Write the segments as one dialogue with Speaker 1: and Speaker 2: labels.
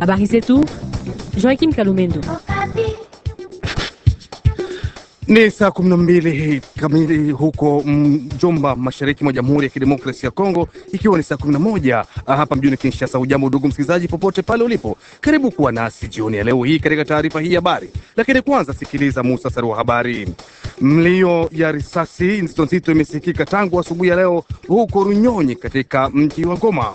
Speaker 1: Habari zetu, Joakim Kalumendo.
Speaker 2: Ni saa kumi na mbili kamili huko Mjomba, mashariki mwa Jamhuri ya Kidemokrasia ya Kongo, ikiwa ni saa kumi na moja ah, hapa mjini Kinshasa. Ujambo ndugu msikilizaji, popote pale ulipo, karibu kuwa nasi jioni ya leo hii katika taarifa hii habari. Lakini kwanza sikiliza muhtasari wa habari. Mlio ya risasi nzito nzito imesikika tangu asubuhi ya leo huko Runyonyi katika mji wa Goma.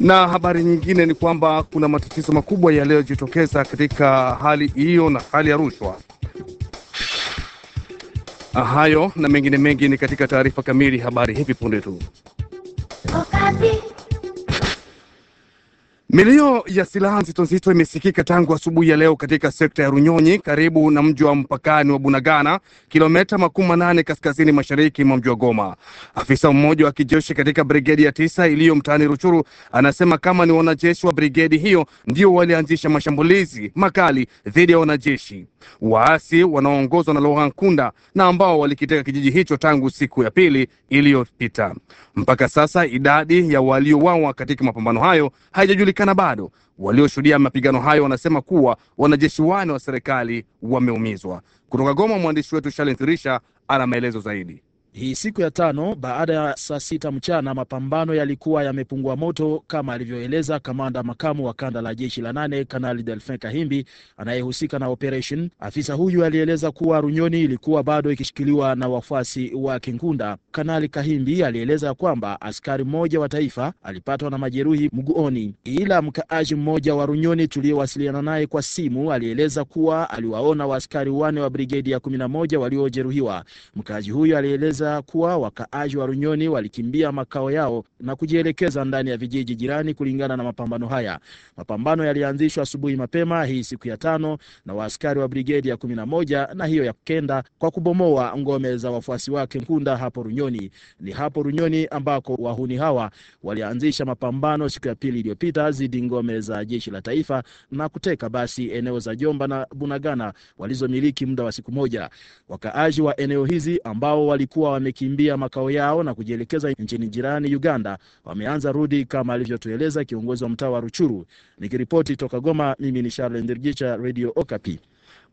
Speaker 2: Na habari nyingine ni kwamba kuna matatizo makubwa yaliyojitokeza katika hali hiyo na hali ya rushwa. Ah, hayo na mengine mengi ni katika taarifa kamili, habari hivi punde tu. Milio ya silaha nzito nzito imesikika tangu asubuhi ya leo katika sekta ya Runyonyi karibu na mji wa mpakani wa Bunagana, kilomita makumi manane kaskazini mashariki mwa mji wa Goma. Afisa mmoja wa kijeshi katika brigedi ya tisa iliyo mtaani Ruchuru anasema kama ni wanajeshi wa brigedi hiyo ndio walianzisha mashambulizi makali dhidi ya wanajeshi waasi wanaoongozwa na Laurent Kunda na ambao walikiteka kijiji hicho tangu siku ya pili iliyopita. Mpaka sasa idadi ya waliowawa katika mapambano hayo haijajulikana hazijapatikana bado. Walioshuhudia mapigano hayo wanasema kuwa wanajeshi wane wa serikali wameumizwa. Kutoka Goma, mwandishi wetu Shalin Thirisha ana maelezo zaidi. Hii siku ya
Speaker 3: tano baada ya saa sita mchana mapambano yalikuwa yamepungua moto kama alivyoeleza kamanda makamu wa kanda la jeshi la nane Kanali Delfin Kahimbi anayehusika na operation. Afisa huyu alieleza kuwa Runyoni ilikuwa bado ikishikiliwa na wafuasi wa Kingunda. Kanali Kahimbi alieleza kwamba askari mmoja wa taifa alipatwa na majeruhi mguoni ila mkaaji mmoja wa Runyoni tuliyewasiliana naye kwa simu alieleza kuwa aliwaona waaskari wane wa brigedi ya moja waliojeruhiwa. Mkaaji huyo alieleza kueleza kuwa wakaaji wa Runyoni walikimbia makao yao na kujielekeza ndani ya vijiji jirani kulingana na mapambano haya. Mapambano yalianzishwa asubuhi mapema hii siku ya tano na waaskari wa brigedi ya kumi na moja na hiyo ya kenda kwa kubomoa ngome za wafuasi wake Nkunda hapo Runyoni. Ni hapo Runyoni ambako wahuni hawa walianzisha mapambano siku ya pili iliyopita dhidi ngome za jeshi la taifa na kuteka basi eneo za Jomba na Bunagana walizomiliki muda wa siku moja. Wakaaji wa eneo hizi ambao walikuwa waliokuwa wamekimbia makao yao na kujielekeza nchini jirani Uganda wameanza rudi kama alivyotueleza kiongozi wa mtaa
Speaker 2: wa Ruchuru. Nikiripoti toka Goma, mimi ni Charles Ndirgicha, Radio Okapi.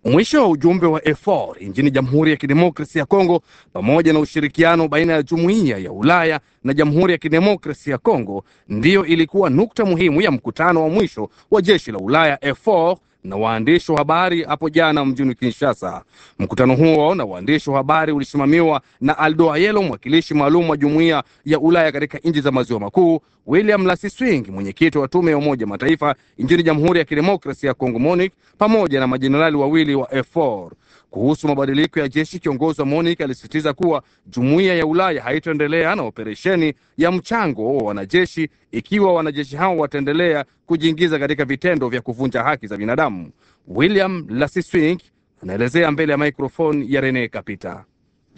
Speaker 2: Mwisho wa ujumbe wa EFOR nchini Jamhuri ya kidemokrasi ya Kongo pamoja na ushirikiano baina ya Jumuiya ya Ulaya na Jamhuri ya kidemokrasi ya Kongo ndiyo ilikuwa nukta muhimu ya mkutano wa mwisho wa jeshi la Ulaya EFOR na waandishi wa habari hapo jana mjini Kinshasa. Mkutano huo na waandishi wa habari ulisimamiwa na Aldo Ayelo, mwakilishi maalum wa jumuiya ya Ulaya katika nchi za maziwa makuu, William Lasiswing, mwenyekiti wa tume ya Umoja Mataifa nchini Jamhuri ya Kidemokrasia ya Kongo, MONUC, pamoja na majenerali wawili wa F4. Kuhusu mabadiliko ya jeshi, kiongozi wa MONUC alisisitiza kuwa jumuiya ya Ulaya haitoendelea na operesheni ya mchango wa wanajeshi ikiwa wanajeshi hao wataendelea kujiingiza katika vitendo vya kuvunja haki za binadamu. William Lasiswink anaelezea mbele ya microfone ya Rene Kapita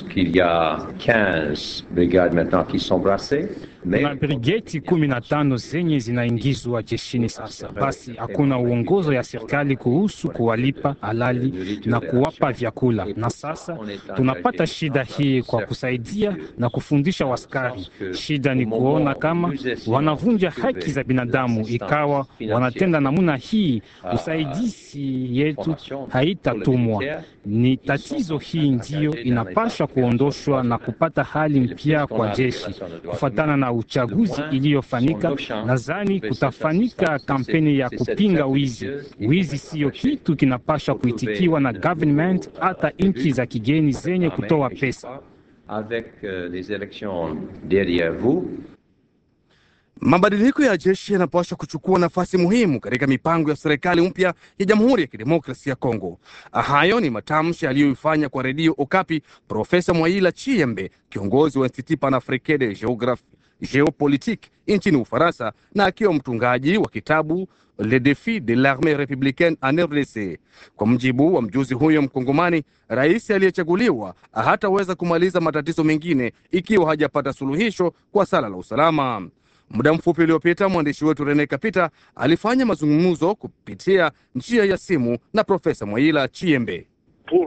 Speaker 4: qu'il y a 15 brigades maintenant qui sont brassées. Kuna
Speaker 1: brigeti kumi na tano zenye zinaingizwa jeshini sasa. Basi hakuna uongozo ya serikali kuhusu kuwalipa halali na kuwapa vyakula, na sasa tunapata shida hii kwa kusaidia na kufundisha waskari. Shida ni kuona kama wanavunja haki za binadamu, ikawa wanatenda namuna hii, usaidizi yetu haitatumwa. Ni tatizo hii, ndiyo inapashwa kuondoshwa na kupata hali mpya kwa jeshi kufuatana na uchaguzi iliyofanyika. Nadhani kutafanyika kampeni ya kupinga wizi. Wizi siyo kitu kinapashwa kuitikiwa na government, hata nchi za kigeni zenye kutoa pesa.
Speaker 2: Euh, Mabadiliko ya jeshi yanapaswa kuchukua nafasi muhimu katika mipango ya serikali mpya ya Jamhuri ya Kidemokrasia ya Kongo. Hayo ni matamshi aliyoifanya kwa redio Okapi Profesa Mwaila chiembe kiongozi wa Institut Panafricain de Geopolitique nchini Ufaransa na akiwa mtungaji wa kitabu Le Defi de l'Armee Républicaine en RDC. Kwa mjibu wa mjuzi huyo Mkongomani, rais aliyechaguliwa hataweza kumaliza matatizo mengine ikiwa hajapata suluhisho kwa sala la usalama. Muda mfupi uliopita mwandishi wetu Rene Kapita alifanya mazungumzo kupitia njia ya simu na Profesa Mwaila Chiembe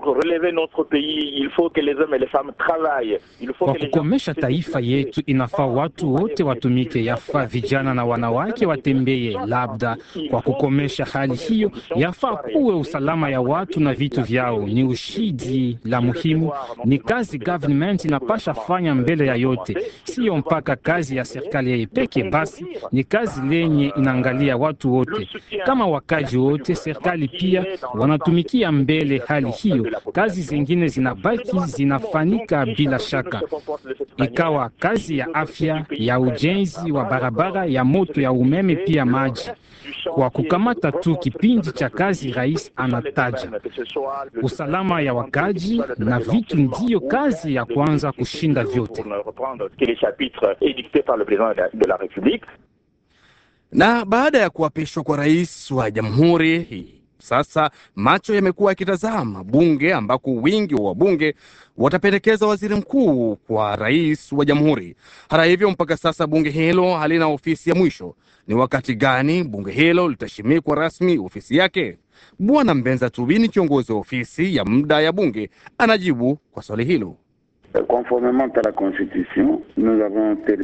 Speaker 1: pour relever notre pays, il faut que les hommes et les femmes travaillent. Kwa kukomesha taifa yetu, inafaa ah, watu wote watumike, yafaa vijana na wanawake watembee. Labda kwa kukomesha hali hiyo, yafaa kuwe usalama ya watu na vitu vyao. Ni ushidi la muhimu, ni kazi government inapasha fanya mbele ya yote, siyo mpaka kazi ya serikali yeye peke. Basi ni kazi ah, lenye inaangalia watu wote, kama wakaji wote, serikali pia wanatumikia mbele hali hii hiyo kazi zingine zinabaki zinafanyika bila shaka, ikawa kazi ya afya, ya ujenzi wa barabara, ya moto, ya umeme, pia maji. Kwa kukamata tu kipindi cha kazi, rais anataja usalama ya wakaji na vitu, ndiyo kazi ya kwanza kushinda vyote
Speaker 2: na baada ya kuapishwa kwa rais wa jamhuri hii sasa macho yamekuwa yakitazama bunge ambako wingi wa wabunge watapendekeza waziri mkuu kwa rais wa jamhuri. Hata hivyo, mpaka sasa bunge hilo halina ofisi ya mwisho. Ni wakati gani bunge hilo litashimikwa rasmi ofisi yake? Bwana Mbenza Tubini, kiongozi wa ofisi ya muda ya bunge, anajibu kwa swali hilo.
Speaker 3: Euh,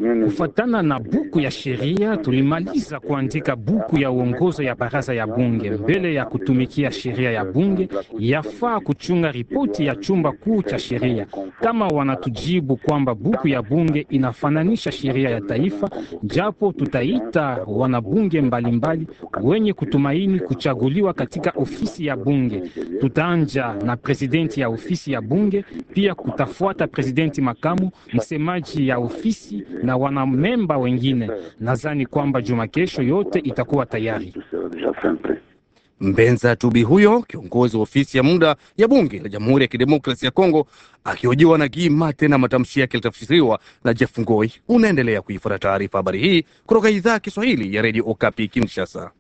Speaker 1: la Kufatana na buku
Speaker 2: ya sheria, tulimaliza kuandika
Speaker 1: buku ya uongozo ya baraza ya bunge. Mbele ya kutumikia sheria ya bunge, yafaa kuchunga ripoti ya chumba kuu cha sheria. Kama wanatujibu kwamba buku ya bunge inafananisha sheria ya taifa, japo tutaita wanabunge mbalimbali wenye kutumaini kuchaguliwa katika ofisi ya bunge, tutaanja na presidenti ya ofisi ya bunge, pia kutafuata presidenti makamu, msemaji ya ofisi na wanamemba wengine. Nadhani kwamba juma kesho yote itakuwa
Speaker 2: tayari. Mbenza Tubi huyo kiongozi wa ofisi ya muda ya bunge la Jamhuri ya Kidemokrasia ya Kongo akihojiwa na Gima. Tena matamshi yake yalitafsiriwa na Jeff Ngoi. Unaendelea kuifuata taarifa habari hii kutoka idhaa ya Kiswahili ya Radio Okapi Kinshasa.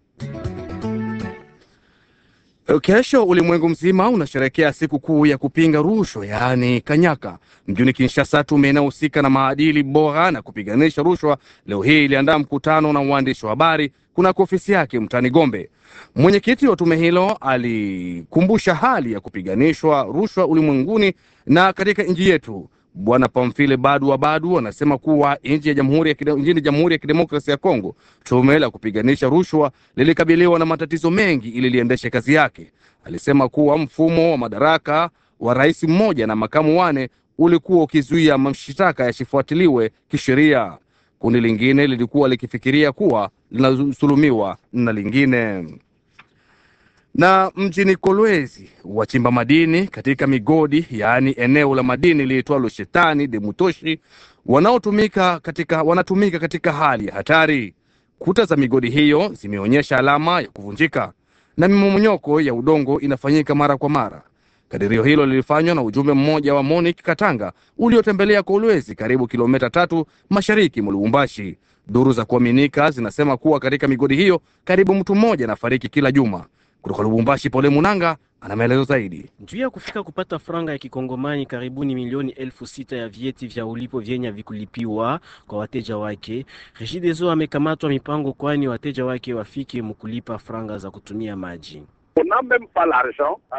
Speaker 2: Eh, kesho ulimwengu mzima unasherekea siku kuu ya kupinga rushwa, yaani Kanyaka. Mjini Kinshasa, tume inayohusika na maadili bora na kupiganisha rushwa leo hii iliandaa mkutano na waandishi wa habari kunako ofisi yake mtani Gombe. Mwenyekiti wa tume hilo alikumbusha hali ya kupiganishwa rushwa ulimwenguni na katika nchi yetu. Bwana Badu wa Badu anasema kuwa nchini Jamhuri ya Kidemokrasia ya Kongo tume la kupiganisha rushwa lilikabiliwa na matatizo mengi ili liendeshe kazi yake. Alisema kuwa mfumo wa madaraka wa rais mmoja na makamu wane ulikuwa ukizuia mashtaka yasifuatiliwe kisheria. Kundi lingine lilikuwa likifikiria kuwa linasulumiwa na lingine. Na mjini Kolwezi wachimba madini katika migodi yaani eneo la madini liitwalo Shetani de Mutoshi wanaotumika katika, wanatumika katika hali ya hatari. Kuta za migodi hiyo zimeonyesha alama ya kuvunjika na mimomonyoko ya udongo inafanyika mara kwa mara. Kadirio hilo lilifanywa na ujumbe mmoja wa Monique Katanga uliotembelea Kolwezi, karibu kilomita tatu mashariki mwa Lubumbashi. Duru za kuaminika zinasema kuwa katika migodi hiyo karibu mtu mmoja anafariki kila juma. Kutoka Lubumbashi, Pole Munanga ana maelezo zaidi. Njuu
Speaker 5: ya kufika kupata franga ya kikongomani karibuni milioni elfu sita ya vieti vya ulipo vyenye vikulipiwa kwa wateja wake. Regideso amekamatwa mipango, kwani wateja wake wafike mkulipa franga za kutumia maji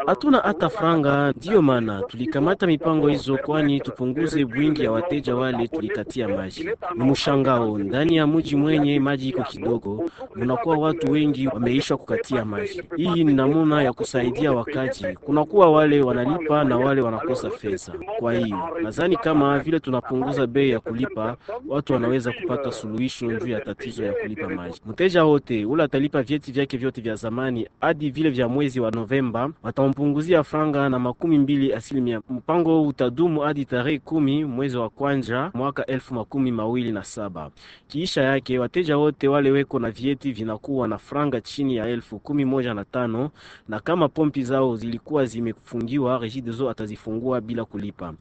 Speaker 5: hatuna hata franga. Ndiyo maana tulikamata mipango hizo, kwani tupunguze bwingi ya wateja wale tulikatia maji. Ni mshangao, ndani ya mji mwenye maji iko kidogo, munakuwa watu wengi wameishwa kukatia maji. Hii ni namuna ya kusaidia wakati kunakuwa wale wanalipa na wale wanakosa pesa. Kwa hiyo nadhani kama vile tunapunguza bei ya kulipa, watu wanaweza kupata suluhisho juu ya tatizo ya kulipa maji. Mteja wote ule atalipa vyeti vyake vyote vya zamani hadi vile vya mwezi wa Novemba watampunguzia franga na makumi mbili asilimia. Mpango utadumu hadi tarehe kumi mwezi wa kwanza mwaka elfu makumi mawili na saba. Kiisha yake wateja wote wale weko na vieti vinakuwa na franga chini ya elfu kumi moja na tano na kama pompi zao zilikuwa zimefungiwa, Regideso atazifungua bila kulipa.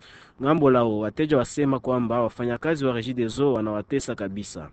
Speaker 5: Ngambo lao wateja wasema kwamba wafanyakazi wa Regideso wanawatesa kabisa.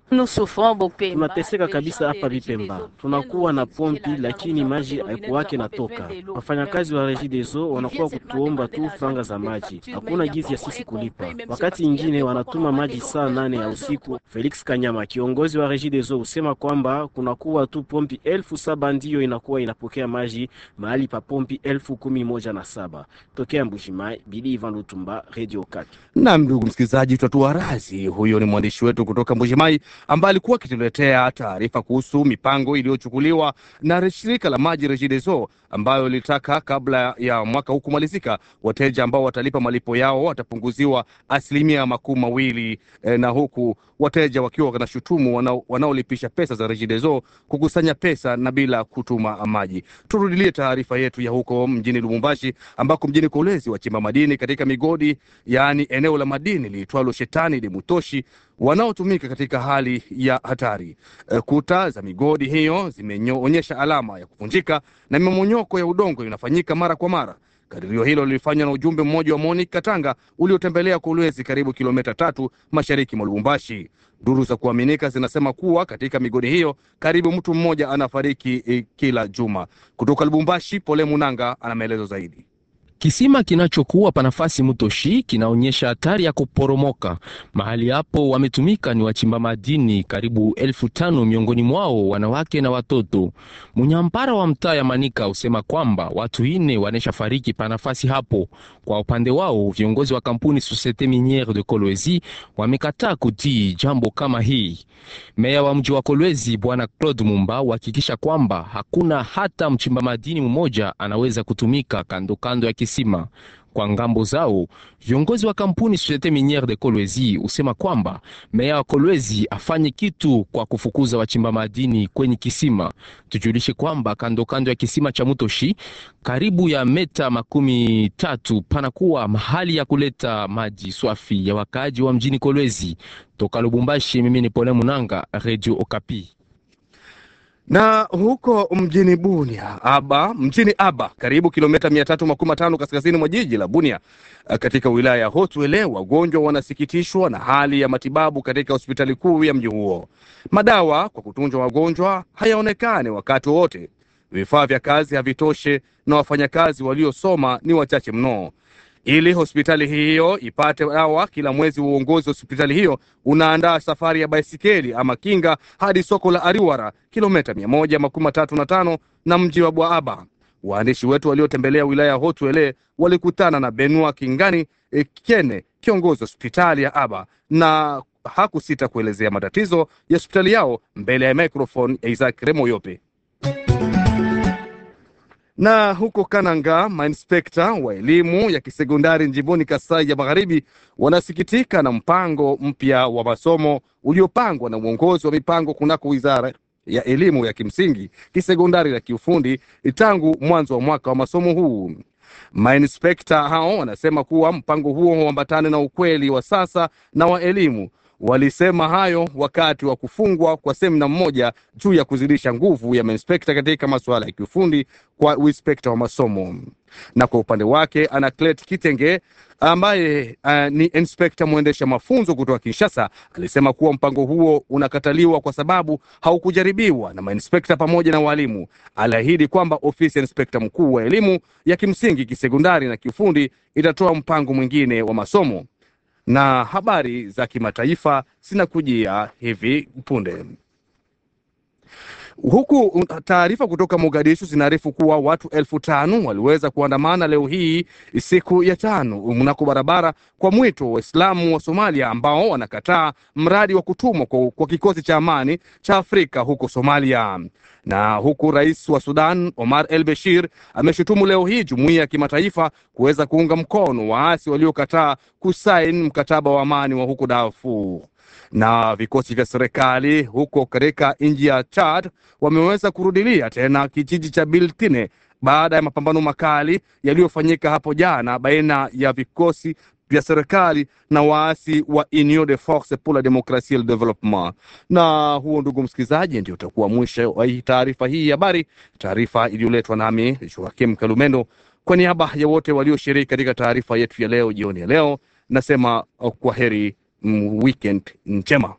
Speaker 5: Tunateseka kabisa hapa Bipemba, tunakuwa na pompi lakini maji haikuwake toka Wafanyakazi wa Regideso wanakuwa kutuomba tu franga za maji, hakuna gizi ya sisi kulipa. Wakati ingine wanatuma maji saa nane ya usiku. Felix Kanyama, kiongozi wa Regideso, husema kwamba kunakuwa tu pompi elfu saba ndiyo inakuwa inapokea maji mahali pa pompi elfu kumi moja na saba tokea Mbushimai. Bili Ivan Lutumba, Radio Msikilizaji wakati
Speaker 2: nam, ndugu msikilizaji, tutatua razi. Huyo ni mwandishi wetu kutoka Mbujimayi ambaye alikuwa akituletea taarifa kuhusu mipango iliyochukuliwa na shirika la maji Regideso ambayo ilitaka kabla ya mwaka huu kumalizika, wateja ambao watalipa malipo yao watapunguziwa asilimia makumi mawili e, na huku wateja wakiwa wanashutumu wanaolipisha pesa za Regideso kukusanya pesa na bila kutuma maji. Turudilie taarifa yetu ya huko mjini Lubumbashi, ambako mjini Kolwezi wachimba madini katika migodi yaani eneo la madini liitwalo Shetani Mutoshi, wanaotumika katika hali ya hatari. Eh, kuta za migodi hiyo zimeonyesha alama ya kuvunjika na mimonyoko ya udongo inafanyika mara kwa mara. Kadirio hilo lilifanywa na ujumbe mmoja wa Monique Katanga uliotembelea Kolwezi, karibu kilomita tatu mashariki mwa Lubumbashi. Duru za kuaminika zinasema kuwa katika migodi hiyo karibu mtu mmoja anafariki eh, kila juma. Kutoka Lubumbashi, Pole Munanga ana maelezo zaidi.
Speaker 4: Kisima kinachokuwa pa nafasi Mutoshi kinaonyesha hatari ya kuporomoka. Mahali hapo wametumika ni wachimba madini karibu elfu tano miongoni mwao wanawake na watoto. Munyampara wa mtaa ya Manika usema kwamba watu ine wanesha fariki pa nafasi hapo. Kwa upande wao viongozi wa kampuni Societe Miniere de Kolwezi wamekataa kutii jambo kama hii. Meya wa mji wa Kolwezi Bwana Claude Mumba uhakikisha kwamba hakuna hata mchimba madini mmoja anaweza kutumika kando kando ya kisima. Kwa ngambo zao, viongozi wa kampuni Societe Miniere de Kolwezi husema kwamba meya wa Kolwezi afanye kitu kwa kufukuza wachimba madini kwenye kisima. Tujulishe kwamba kando kando ya kisima cha Mutoshi, karibu ya meta makumi tatu, panakuwa mahali ya kuleta maji swafi ya wakaaji wa mjini Kolwezi. Toka Lubumbashi, mimi ni Pole Munanga, Radio Okapi
Speaker 2: na huko mjini Bunia aba mjini Aba, karibu kilomita mia tatu makumi matano kaskazini mwa jiji la Bunia katika wilaya ya Hotwele, wagonjwa wanasikitishwa na hali ya matibabu katika hospitali kuu ya mji huo. Madawa kwa kutunjwa wagonjwa hayaonekane wakati wowote, vifaa vya kazi havitoshe, na wafanyakazi waliosoma ni wachache mno ili hospitali hiyo ipate dawa kila mwezi. Uongozi wa hospitali hiyo unaandaa safari ya baisikeli ama kinga hadi soko la Ariwara, kilomita mia moja makumi na tano na mji wa Bwaaba. Waandishi wetu waliotembelea wilaya ya Hotwele walikutana na Benua Kingani Kene, kiongozi wa hospitali ya Aba, na hakusita kuelezea matatizo ya hospitali yao mbele ya microphone ya Isaac Remoyope. Na huko Kananga, mainspekta wa elimu ya kisekondari jimboni Kasai ya Magharibi wanasikitika na mpango mpya wa masomo uliopangwa na uongozi wa mipango kunako wizara ya elimu ya kimsingi, kisekondari na kiufundi tangu mwanzo wa mwaka wa masomo huu. Mainspekta hao wanasema kuwa mpango huo huambatane na ukweli wa sasa na wa elimu Walisema hayo wakati wa kufungwa kwa semina mmoja juu ya kuzidisha nguvu ya mainspekta katika masuala ya kiufundi kwa uinspekta wa masomo. Na kwa upande wake Anaclet Kitenge ambaye uh, ni inspekta mwendesha mafunzo kutoka Kinshasa alisema kuwa mpango huo unakataliwa kwa sababu haukujaribiwa na mainspekta pamoja na walimu. Aliahidi kwamba ofisi ya inspekta mkuu wa elimu ya kimsingi, kisekondari na kiufundi itatoa mpango mwingine wa masomo na habari za kimataifa zinakujia hivi punde huku mm, taarifa kutoka Mogadishu zinaarifu kuwa watu elfu tano waliweza kuandamana leo hii siku ya tano mm, mnako barabara kwa mwito wa Waislamu wa Somalia ambao wanakataa mradi wa kutumwa kwa, kwa kikosi cha amani cha Afrika huko Somalia. Na huku rais wa Sudan Omar El Bashir ameshutumu leo hii jumuiya ya kimataifa kuweza kuunga mkono waasi waliokataa kusaini mkataba wa amani wa huko Darfur na vikosi vya serikali huko katika nchi ya Chad wameweza kurudilia tena kijiji cha Biltine baada ya mapambano makali yaliyofanyika hapo jana baina ya vikosi vya serikali na waasi wa Union de Force pour la Democratie et le Developpement. Na huo, ndugu msikilizaji, ndio utakuwa mwisho wa hii taarifa hii habari, taarifa iliyoletwa nami Joakim Kalumendo kwa niaba ya wote walioshiriki katika taarifa yetu ya leo jioni ya leo, nasema kwa heri. Mm, weekend njema.